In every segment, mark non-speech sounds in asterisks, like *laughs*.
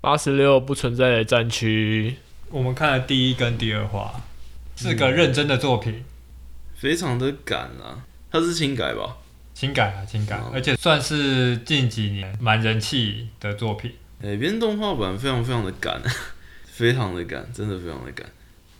八十六不存在的戰區，我們看了第一跟第二話，是個認真的作品，嗯、非常的趕啊。它是輕改吧？輕改啊，輕改、啊，而且算是近幾年蠻人氣的作品。改、欸、編動畫版非常非常的趕， *laughs* 非常的趕，真的非常的趕。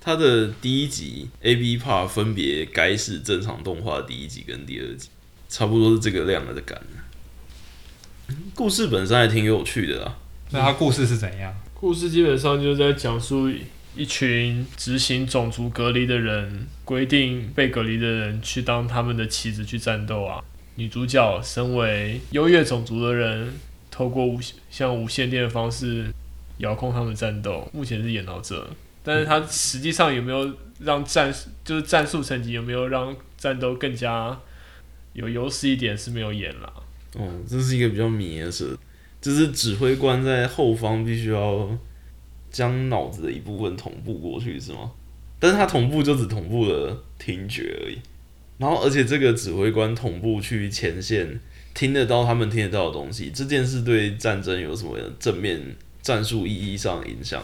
它的第一集 A、B Part 分別該是正常動畫第一集跟第二集，差不多是這個量了的趕、嗯。故事本身還挺有趣的啦。那它故事是怎樣、嗯？故事基本上就是在講述一群執行種族隔離的人，規定被隔離的人去當他們的棋子去戰鬥啊。女主角身為優越種族的人，透過無線像無線電的方式遙控他們戰鬥。目前是演到這，但是她實際上有沒有讓戰、嗯、就是戰術層級，有沒有讓戰鬥更加有優勢一點是沒有演了。哦、嗯，這是一個比較迷的事就是指揮官在後方必須要將腦子的一部分同步過去，是嗎？但是他同步就只同步了聽覺而已。然後，而且這個指揮官同步去前線聽得到他們聽得到的東西，這件事對戰爭有什麼正面戰術意義上的影響？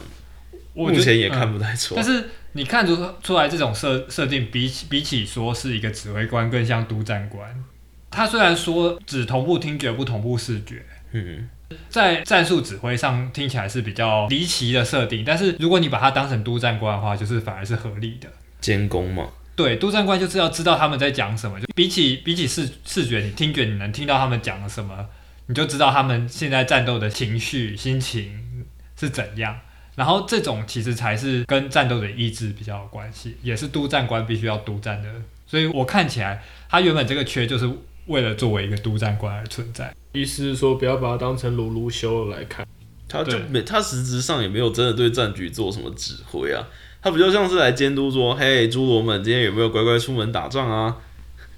我目前也看不太出來。嗯。但是你看出出來這種設設定比，比起比起說是一個指揮官，更像督戰官。他雖然說只同步聽覺，不同步視覺，嗯。在戰術指揮上聽起來是比較離奇的設定，但是如果你把它當成督戰官的話，就是反而是合理的。監工嘛，對，督戰官就是要知道他們在講什麼。就比起比起視視覺，你聽覺你能聽到他們講了什麼，你就知道他們現在戰鬥的情緒、心情是怎樣。然後這種其實才是跟戰鬥的意志比較有關係，也是督戰官必須要督戰的。所以我看起來，他原本這個缺就是為了作為一個督戰官而存在。意思是說，不要把它當成魯魯修來看，他就沒他實質上也沒有真的對戰局做什麼指揮啊，他比較像是來監督說：“嘿，豬玀們，今天有沒有乖乖出門打仗啊？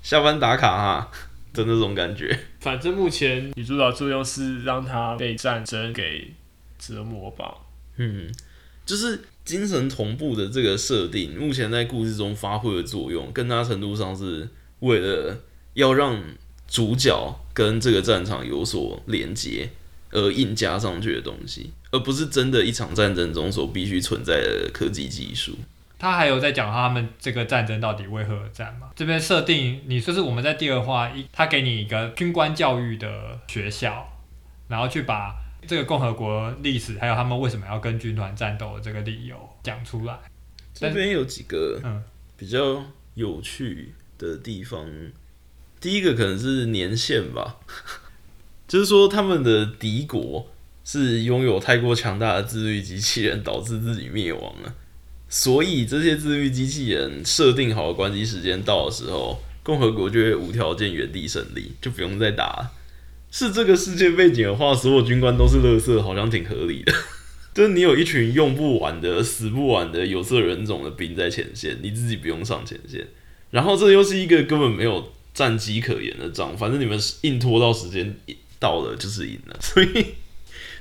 下班打卡哈、啊”的那種感覺。反正目前女主角作用是讓他被戰爭給折磨吧。嗯，就是精神同步的這個設定，目前在故事中發揮的作用，更大程度上是為了要讓。主角跟這個戰場有所連接，而硬加上去的東西，而不是真的一場戰爭中所必須存在的科技技術。他還有在講他們這個戰爭到底為何而戰嗎？這邊設定你說是我們在第二話一，他給你一個軍官教育的學校，然後去把這個共和國歷史，還有他們為什麼要跟軍團戰鬥的這個理由講出來。但這邊有幾個嗯比較有趣的地方。第一個可能是年限吧，就是說他們的敵國是擁有太過強大的自律機器人，導致自己滅亡了。所以這些自律機器人設定好的關機時間到的時候，共和國就會無條件原地勝利，就不用再打了。是這個世界背景的話，所有軍官都是樂色，好像挺合理的。 *laughs* 就是你有一群用不完的、死不完的有色人種的兵在前線，你自己不用上前線。然後這又是一個根本沒有。戰機可言的仗，反正你們硬拖到時間到了就是贏了，所以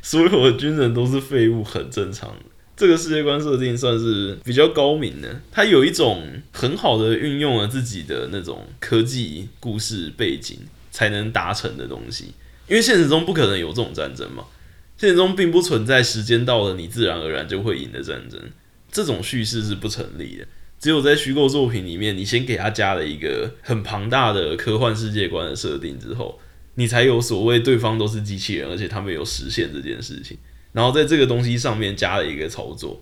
所有的軍人都是廢物，很正常的。這個世界觀設定算是比較高明的，它有一種很好的運用了自己的那種科技故事背景才能達成的東西，因為現實中不可能有這種戰爭嘛，現實中並不存在時間到了你自然而然就會贏的戰爭，這種敘事是不成立的。只有在虛構作品裡面，你先給他加了一個很龐大的科幻世界觀的設定之後，你才有所謂對方都是機器人，而且他沒有實現這件事情，然後在這個東西上面加了一個操作，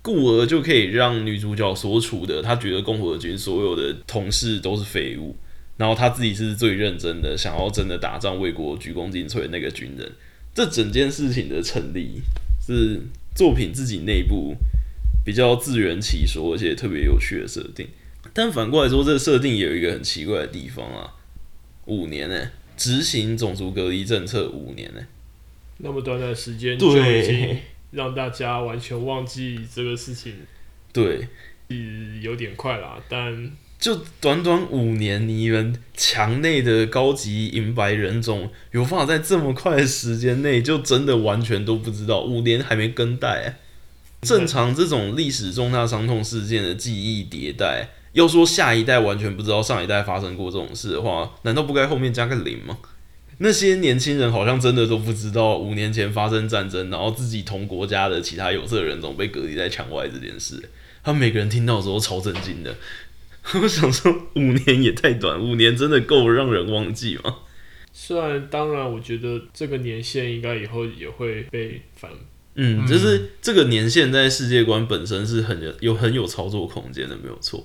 故而就可以讓女主角所處的她覺得共和軍所有的同事都是廢物，然後她自己是最認真的，想要真的打仗為國鞠躬盡瘁那個軍人，這整件事情的成立是作品自己內部比較自圓其說，而且特別有趣的設定。但反過來說，這個設定也有一個很奇怪的地方啊，五年呢、欸，執行種族隔離政策五年呢、欸，那麼短短時間，對，讓大家完全忘記這個事情，對，有點快啦。但就短短五年，你們牆內的高級銀白人種有辦法在這麼快的時間內，就真的完全都不知道？五年還沒更代、欸？正常，這種歷史重大傷痛事件的記憶迭代，要說下一代完全不知道上一代發生過這種事的話，難道不該後面加個零嗎？那些年輕人好像真的都不知道五年前發生戰爭，然後自己同國家的其他有色人種被隔離在牆外這件事。他們每個人聽到的時候超震驚的。我想說，五年也太短，五年真的夠讓人忘記嗎？雖然當然，我覺得這個年限應該以後也會被反。嗯,嗯，就是這個年限在世界觀本身是很有很有操作空間的，沒有錯。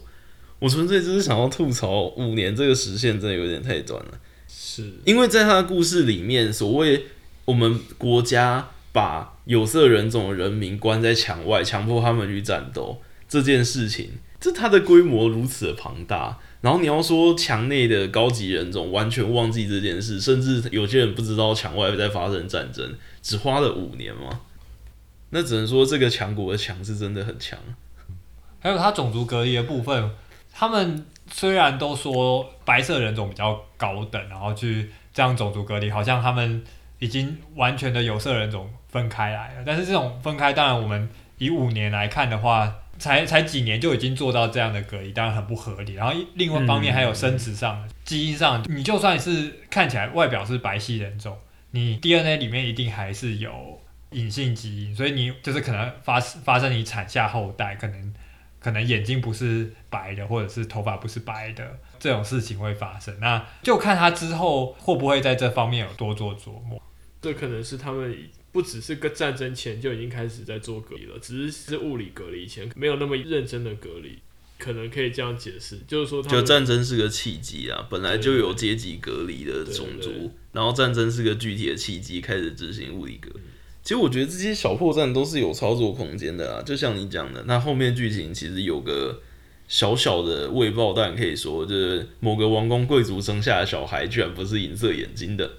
我純粹就是想要吐槽，五年這個時限真的有點太短了。是因為在他的故事裡面，所謂我們國家把有色人種的人民關在牆外，強迫他們去戰鬥這件事情，這它的規模如此的龐大，然後你要說牆內的高級人種完全忘記這件事，甚至有些人不知道牆外在發生戰爭，只花了五年嗎？那只能說這個強國的強是真的很強，還有它種族隔離的部分，他們雖然都說白色人種比較高等，然後去這樣種族隔離，好像他們已經完全的有色人種分開來了。但是這種分開，當然我們以五年來看的話，才才幾年就已經做到這樣的隔離，當然很不合理。然後另外一方面還有生殖上、嗯、基因上，你就算是看起來外表是白皙人種，你 DNA 裡面一定還是有。隱性基因，所以你就是可能發生發生你產下後代，可能可能眼睛不是白的，或者是頭髮不是白的這種事情會發生。那就看他之後會不會在這方面有多做琢磨。這可能是他們不只是個戰爭前就已經開始在做隔離了，只是是物理隔離前沒有那麼認真的隔離，可能可以這樣解釋，就是說他們就戰爭是個契機啊，本來就有階級隔離的種族，對對對對然後戰爭是個具體的契機，開始執行物理隔離。其實我覺得這些小破綻都是有操作空間的啊，就像你講的，那後面劇情其實有個小小的未爆彈，但可以說就是某個王公貴族生下的小孩居然不是銀色眼睛的，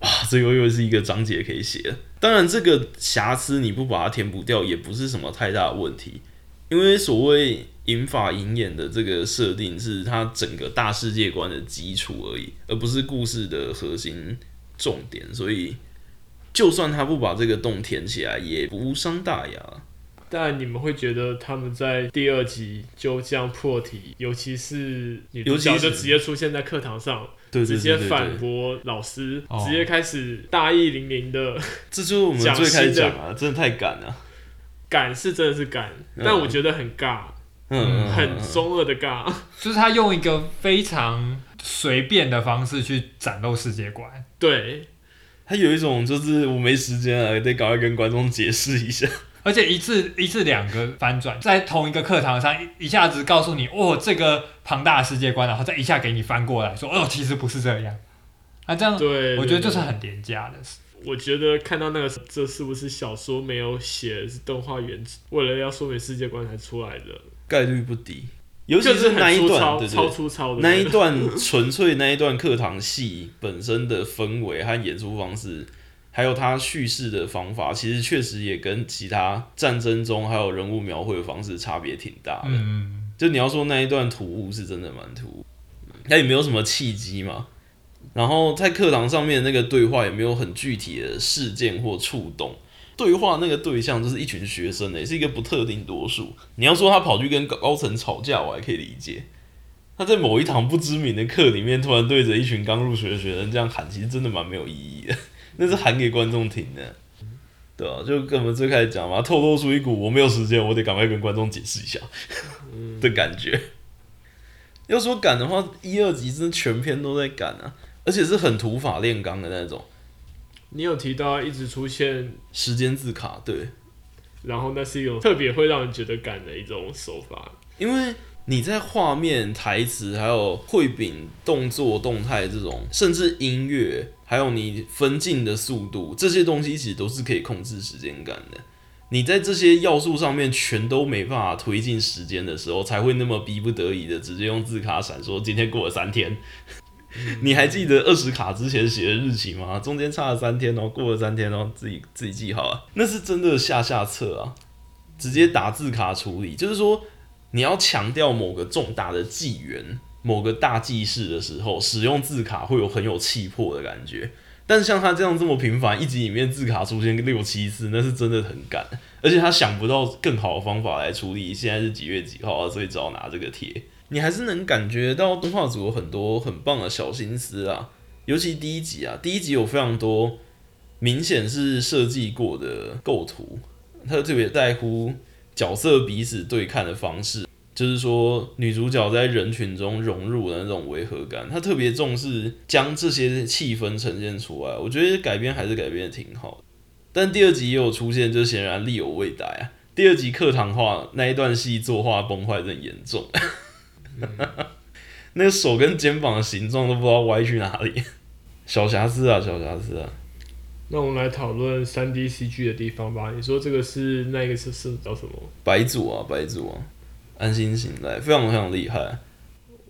哇，這又是一個章節可以寫。當然，這個瑕疵你不把它填補掉也不是什麼太大的問題，因為所謂銀髮銀眼的這個設定是它整個大世界觀的基礎而已，而不是故事的核心重點，所以。就算他不把這個洞填起來，也無傷大雅。但你們會覺得他們在第二集就這樣破題，尤其是女角色直接出現在課堂上，直接反駁老師，對對對對對，直接開始大義凜凜的、哦， *laughs* 這就是我們最開始講了，真的太敢了。敢是真的是敢、嗯，但我覺得很尬，嗯嗯嗯嗯，嗯，很中二的尬，就是他用一個非常隨便的方式去展露世界觀，對。他有一種就是我沒時間了，得趕快跟觀眾解釋一下。而且一次一次兩個翻轉， *laughs* 在同一個課堂上一下子告訴你，哦，這個龐大的世界觀，然後再一下給你翻過來說，哦，其實不是這樣。那、啊、這樣，對，對，對，我覺得就是很廉價的對對對。我覺得看到那個這是不是小說沒有寫，是動畫原子為了要說明世界觀才出來的概率不低。尤其是那一段，就是、對對對，超粗糙的那，那一段純粹那一段課堂戲本身的氛圍和演出方式， *laughs* 還有他敘事的方法，其實確實也跟其他戰爭中還有人物描繪的方式差別挺大的。嗯，嗯，就你要說那一段突兀是真的蠻突兀，他也沒有什麼契機嘛。然後在課堂上面那個對話也沒有很具體的事件或觸動。對話那個對象就是一群學生，也是一個不特定多數。你要說他跑去跟高層吵架，我還可以理解。他在某一堂不知名的課裡面，突然對着一群剛入學的學生這樣喊，其實真的蠻沒有意義的。 *laughs* 那是喊給觀眾聽的，對啊，就跟我們最開始講嘛，透露出一股我沒有時間，我得趕快跟觀眾解釋一下 *laughs* 的感覺。 *laughs* 要說趕的話，一、二集真的全篇都在趕啊，而且是很土法煉鋼的那種。你有提到一直出現時間字卡，對，然後那是一種特別會讓人覺得趕的一種手法，因為你在畫面、台詞、還有繪餅、動作、動態這種，甚至音樂，還有你分鏡的速度，這些東西其實都是可以控制時間感的。你在這些要素上面全都沒辦法推進時間的時候，才會那麼逼不得已的直接用字卡閃爍，今天過了三天。你還記得二十卡之前寫的日期嗎？中間差了三天哦，然後過了三天哦，然後自己自己記好了。那是真的下下策啊，直接打字卡處理。就是說，你要強調某個重大的紀元、某個大紀事的時候，使用字卡會有很有氣魄的感覺。但是像他這樣這麼頻繁，一集裡面字卡出現個六七次，那是真的很趕。而且他想不到更好的方法來處理。現在是幾月幾號啊？所以只好拿這個貼。你還是能感覺到動畫組有很多很棒的小心思啊，尤其第一集啊，第一集有非常多明顯是設計過的構圖，他特別在乎角色彼此對看的方式，就是說女主角在人群中融入的那種違和感，他特別重視將這些氣氛呈現出來。我覺得改編還是改編的挺好的，但第二集也有出現，就顯然力有未逮，啊。第二集課堂化那一段戲作畫崩壞很嚴重。哈哈，哈，那個手跟肩膀的形狀都不知道歪去哪裡， *laughs* 小瑕疵啊，小瑕疵啊。那我們來討論三 D C G 的地方吧。你說這個是那個是是叫什麼？白組啊，白組啊，安心信賴，非常非常厲害。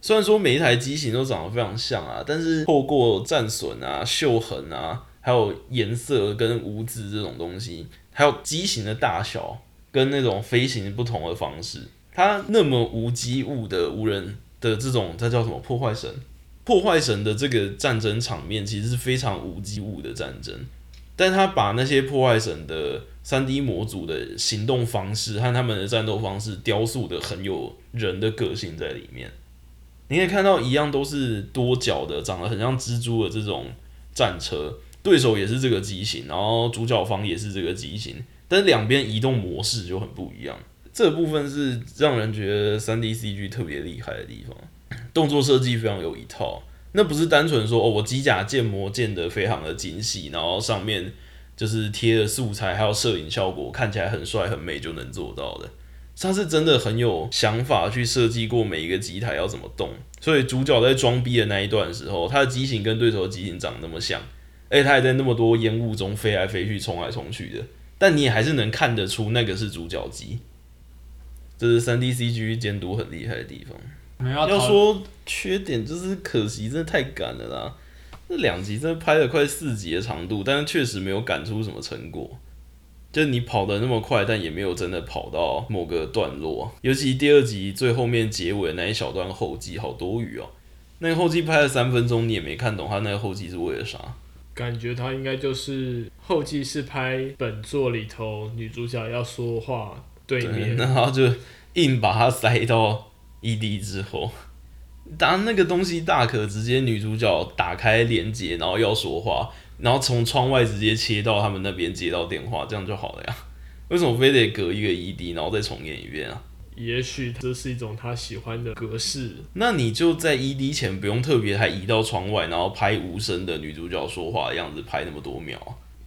雖然說每一台機型都長得非常像啊，但是透過戰損啊、鏽痕啊，還有顏色跟污漬這種東西，還有機型的大小跟那種飛行不同的方式。他那麼無機物的無人的這種，他叫什麼破壞神？破壞神的這個戰爭場面其實是非常無機物的戰爭，但他把那些破壞神的 3D 模組的行動方式和他們的戰鬥方式雕塑得很有人的個性在裡面。你可以看到一樣都是多腳的，長得很像蜘蛛的這種戰車，對手也是這個機型，然後主角方也是這個機型，但兩邊移動模式就很不一樣。這部分是讓人覺得 3DCG 特別厲害的地方，動作設計非常有一套。那不是單純說哦，我機甲建模建得非常的精細，然後上面就是貼的素材，還有攝影效果看起來很帥很美就能做到的。他是真的很有想法去設計過每一個機台要怎麼動。所以主角在裝逼的那一段時候，他的機型跟對手的機型長得那麼像，而且他也在那麼多煙霧中飛來飛去、衝來衝去的，但你也還是能看得出那個是主角機。這是 3DCG 監督很厲害的地方要。要說缺點就是，可惜真的太趕了啦。這兩集真的拍了快四集的長度，但是確實沒有趕出什麼成果。就你跑得那麼快，但也沒有真的跑到某個段落。尤其第二集最後面結尾那一小段後記，好多餘哦。那個後記拍了三分鐘，你也沒看懂他那個後記是為了啥。感覺他應該就是後記是拍本作裡頭女主角要說話。對面，對，然後就硬把它塞到 E D 之後，當那個東西大可直接女主角打開連接，然後要說話，然後從窗外直接切到他們那邊接到電話，這樣就好了呀。為什麼非得隔一個 E D 然後再重演一遍啊？也許這是一種他喜歡的格式。那你就在 E D 前不用特別還移到窗外，然後拍無聲的女主角說話的樣子，拍那麼多秒，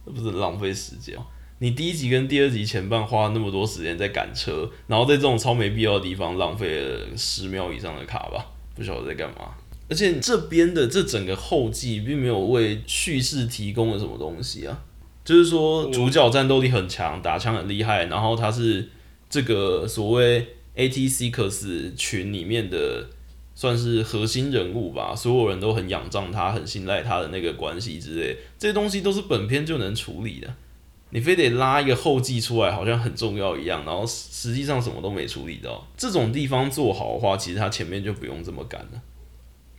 那不是浪費時間？你第一集跟第二集前半花那麼多時間在趕車，然後在這種超沒必要的地方浪費了十秒以上的卡吧？不曉得在幹嘛。而且這邊的這整個後記並沒有為敘事提供了什麼東西啊？就是說，主角戰鬥力很強，打槍很厲害，然後他是這個所謂86群裡面的算是核心人物吧，所有人都很仰仗他，很信賴他的那個關係之類，這些東西都是本片就能處理的。你非得拉一個後繼出來，好像很重要一樣，然後實際上什麼都沒處理到。這種地方做好的話，其實他前面就不用這麼幹了。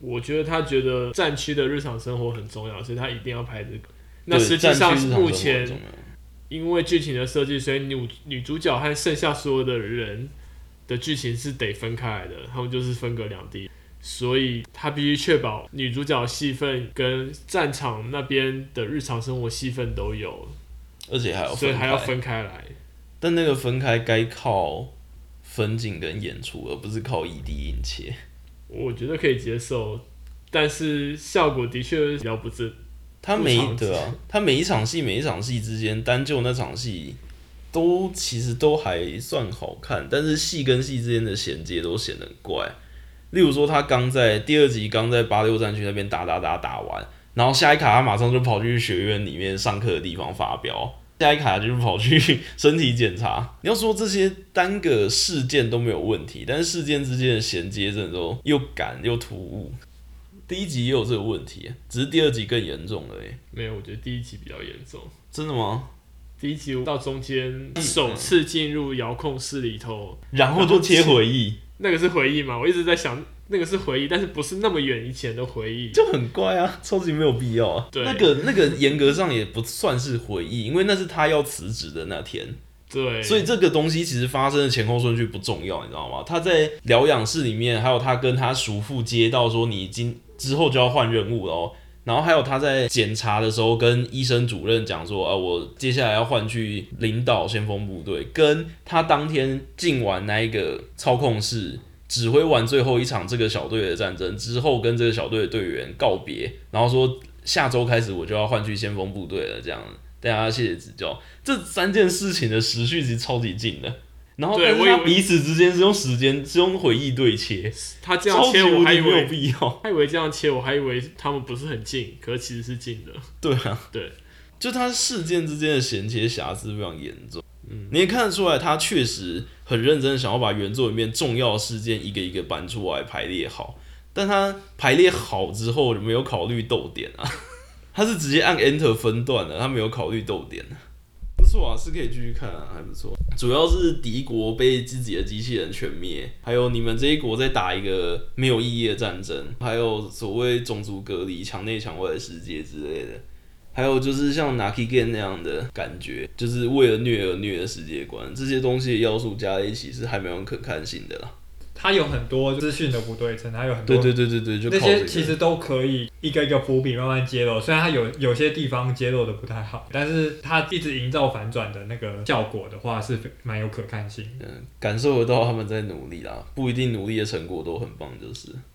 我覺得他覺得戰區的日常生活很重要，所以他一定要拍這個。那實際上目前因為劇情的設計，所以女女主角和剩下所有的人的劇情是得分開來的，他們就是分隔兩地，所以他必須確保女主角戲份跟戰場那邊的日常生活戲份都有。而且還要，所以還要分開來，但那個分開該靠分鏡跟演出，而不是靠 ED 音切。我覺得可以接受，但是效果的確比較不正。不他沒的、啊，他每一場戲每一場戲之間，單就那場戲都其實都還算好看，但是戲跟戲之間的銜接都顯得怪。例如說他，他剛在第二集剛在八六戰區那邊打，打打打打完。然後下一卡他馬上就跑去學院裡面上課的地方發飆，下一卡就是跑去身體檢查。你要說這些單個事件都沒有問題，但是事件之間的銜接這時候又趕又突兀。第一集也有這個問題，只是第二集更嚴重了。沒有，我覺得第一集比較嚴重。真的嗎？第一集到中間首次進入遙控室裡頭，然後就切回憶，那個、那個是回憶嗎？我一直在想。那個是回憶，但是不是那麼遠以前的回憶，就很怪啊，超級沒有必要啊。對，那個那個嚴格上也不算是回憶，因為那是他要辭職的那天。對，所以這個東西其實發生的前後順序不重要，你知道嗎？他在療養室裡面，還有他跟他叔父接到說你今之後就要換任務嘍，然後還有他在檢查的時候跟醫生主任講說，啊，我接下來要換去領導先鋒部隊，跟他當天進完那一個操控室。指揮完最後一場這個小隊的戰爭之後，跟這個小隊的隊員告別，然後說下周開始我就要換去先鋒部隊了。這樣，大家謝謝指教。這三件事情的時序其實超級近的。然後對，因為他彼此之間是用時間，是用回憶對切。他這樣切，我還以為有必要，他以為這樣切，我還以為他們不是很近，可是其實是近的。對啊，對，就他事件之間的銜接瑕疵非常嚴重。你也看得出來，他確實很認真，想要把原作裡面重要的事件一個一個搬出來排列好。但他排列好之後，沒有考慮逗點啊， *laughs* 他是直接按 Enter 分段的，他沒有考慮逗點。不錯啊，是可以繼續看啊，還不錯。主要是敵國被自己的機器人全滅，還有你們這一國在打一個沒有意義的戰爭，還有所謂種族隔離、牆內牆外的世界之類的。還有就是像《Naki Gen》那樣的感覺，就是為了虐而虐的世界觀，這些東西的要素加在一起是還蠻有可看性的啦。它有很多資訊的不對稱，它有很多對對對對，那些其實都可以一個一個伏筆慢慢揭露。雖然它有有些地方揭露的不太好，但是它一直營造反轉的那個效果的話，是蠻有可看性。嗯，感受得到他們在努力啦，不一定努力的成果都很棒，就是。